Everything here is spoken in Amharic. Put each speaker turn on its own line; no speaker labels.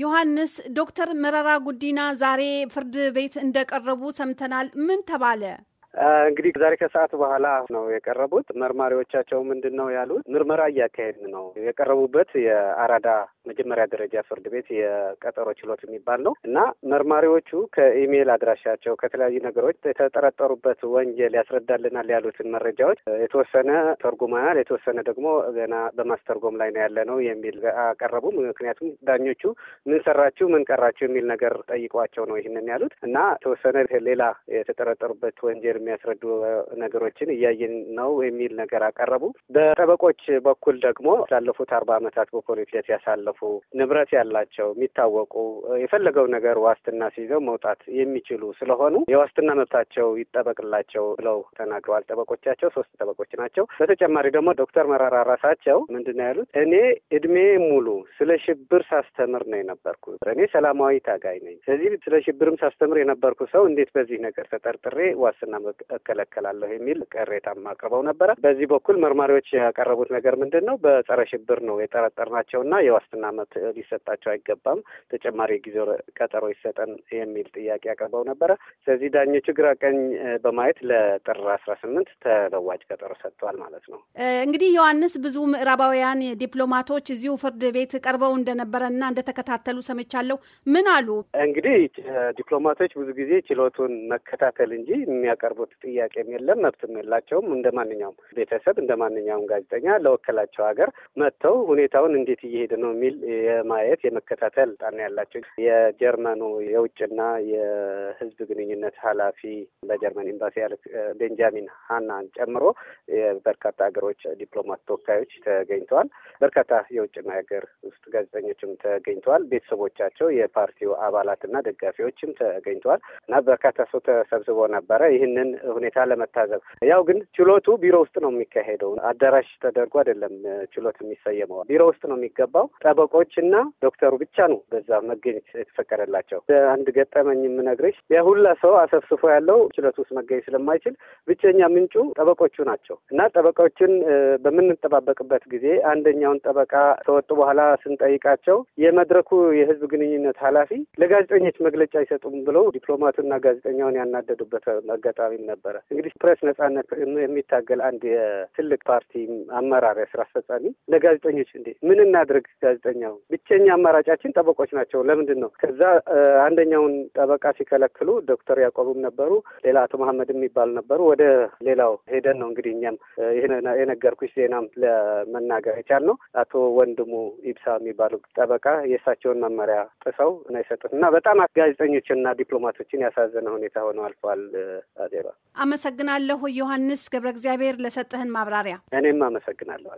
ዮሐንስ ዶክተር መረራ ጉዲና ዛሬ ፍርድ ቤት እንደቀረቡ ሰምተናል። ምን ተባለ? እንግዲህ ዛሬ ከሰዓት በኋላ ነው የቀረቡት። መርማሪዎቻቸው ምንድን ነው ያሉት? ምርመራ እያካሄድን ነው። የቀረቡበት የአራዳ መጀመሪያ ደረጃ ፍርድ ቤት የቀጠሮ ችሎት የሚባል ነው እና መርማሪዎቹ ከኢሜይል አድራሻቸው ከተለያዩ ነገሮች የተጠረጠሩበት ወንጀል ያስረዳልናል ያሉትን መረጃዎች የተወሰነ ተርጉመናል፣ የተወሰነ ደግሞ ገና በማስተርጎም ላይ ነው ያለ ነው የሚል አቀረቡ። ምክንያቱም ዳኞቹ ምን ሰራችሁ፣ ምን ቀራችሁ የሚል ነገር ጠይቋቸው ነው ይህንን ያሉት እና የተወሰነ ሌላ የተጠረጠሩበት ወንጀል የሚያስረዱ ነገሮችን እያየን ነው የሚል ነገር አቀረቡ። በጠበቆች በኩል ደግሞ ላለፉት አርባ ዓመታት በፖሊስ ያሳለፉ ንብረት ያላቸው የሚታወቁ የፈለገው ነገር ዋስትና ሲይዘው መውጣት የሚችሉ ስለሆኑ የዋስትና መብታቸው ይጠበቅላቸው ብለው ተናግረዋል። ጠበቆቻቸው ሶስት ጠበቆች ናቸው። በተጨማሪ ደግሞ ዶክተር መራራ ራሳቸው ምንድን ነው ያሉት? እኔ እድሜ ሙሉ ስለ ሽብር ሳስተምር ነው የነበርኩት። እኔ ሰላማዊ ታጋይ ነኝ። ስለዚህ ስለ ሽብርም ሳስተምር የነበርኩ ሰው እንዴት በዚህ ነገር ተጠርጥሬ ዋስትና መብት እከለከላለሁ የሚል ቅሬታም አቅርበው ነበረ። በዚህ በኩል መርማሪዎች ያቀረቡት ነገር ምንድን ነው? በጸረ ሽብር ነው የጠረጠርናቸውና የዋስትና መብት ሊሰጣቸው አይገባም፣ ተጨማሪ ጊዜ ቀጠሮ ይሰጠን የሚል ጥያቄ አቅርበው ነበረ። ስለዚህ ዳኞቹ ግራ ቀኝ በማየት ለጥር አስራ ስምንት ተለዋጭ ቀጠሮ ሰጥቷል ማለት ነው። እንግዲህ ዮሐንስ ብዙ ምዕራባውያን ዲፕሎማቶች እዚሁ ፍርድ ቤት ቀርበው እንደነበረና እንደተከታተሉ ሰምቻለሁ። ምን አሉ? እንግዲህ ዲፕሎማቶች ብዙ ጊዜ ችሎቱን መከታተል እንጂ የሚያቀርቡት መብት ጥያቄም የለም፣ መብትም የላቸውም። እንደ ማንኛውም ቤተሰብ እንደ ማንኛውም ጋዜጠኛ ለወከላቸው ሀገር መጥተው ሁኔታውን እንዴት እየሄደ ነው የሚል የማየት የመከታተል ጣና ያላቸው የጀርመኑ የውጭና የህዝብ ግንኙነት ኃላፊ በጀርመን ኤምባሲ ቤንጃሚን ሀናን ጨምሮ በርካታ ሀገሮች ዲፕሎማት ተወካዮች ተገኝተዋል። በርካታ የውጭና ሀገር ውስጥ ጋዜጠኞችም ተገኝተዋል። ቤተሰቦቻቸው፣ የፓርቲው አባላትና ደጋፊዎችም ተገኝተዋል እና በርካታ ሰው ተሰብስቦ ነበረ። ይህንን ሁኔታ ለመታዘብ ያው ግን ችሎቱ ቢሮ ውስጥ ነው የሚካሄደው። አዳራሽ ተደርጎ አይደለም ችሎት የሚሰየመው ቢሮ ውስጥ ነው የሚገባው። ጠበቆች እና ዶክተሩ ብቻ ነው በዛ መገኘት የተፈቀደላቸው። አንድ ገጠመኝ የምነግርሽ የሁላ ሰው አሰብስፎ ያለው ችሎት ውስጥ መገኘት ስለማይችል ብቸኛ ምንጩ ጠበቆቹ ናቸው እና ጠበቆችን በምንጠባበቅበት ጊዜ አንደኛውን ጠበቃ ከወጡ በኋላ ስንጠይቃቸው የመድረኩ የህዝብ ግንኙነት ኃላፊ ለጋዜጠኞች መግለጫ አይሰጡም ብለው ዲፕሎማቱና ጋዜጠኛውን ያናደዱበት አጋጣሚ ይል ነበረ። እንግዲህ ፕሬስ ነጻነት የሚታገል አንድ የትልቅ ፓርቲ አመራር የስራ አስፈጻሚ ለጋዜጠኞች እንዴ ምን እናድርግ? ጋዜጠኛው ብቸኛ አማራጫችን ጠበቆች ናቸው። ለምንድን ነው ከዛ አንደኛውን ጠበቃ ሲከለክሉ ዶክተር ያዕቆብም ነበሩ፣ ሌላ አቶ መሀመድ የሚባል ነበሩ። ወደ ሌላው ሄደን ነው እንግዲህ እኛም የነገርኩሽ ዜናም ለመናገር የቻልነው አቶ ወንድሙ ኢብሳ የሚባሉ ጠበቃ የእሳቸውን መመሪያ ጥሰው ነው የሰጡት እና በጣም ጋዜጠኞችንና ዲፕሎማቶችን ያሳዘነ ሁኔታ ሆነው አልፈዋል። አዜባ አመሰግናለሁ ዮሐንስ ገብረ እግዚአብሔር ለሰጠህን ማብራሪያ። እኔም አመሰግናለሁ።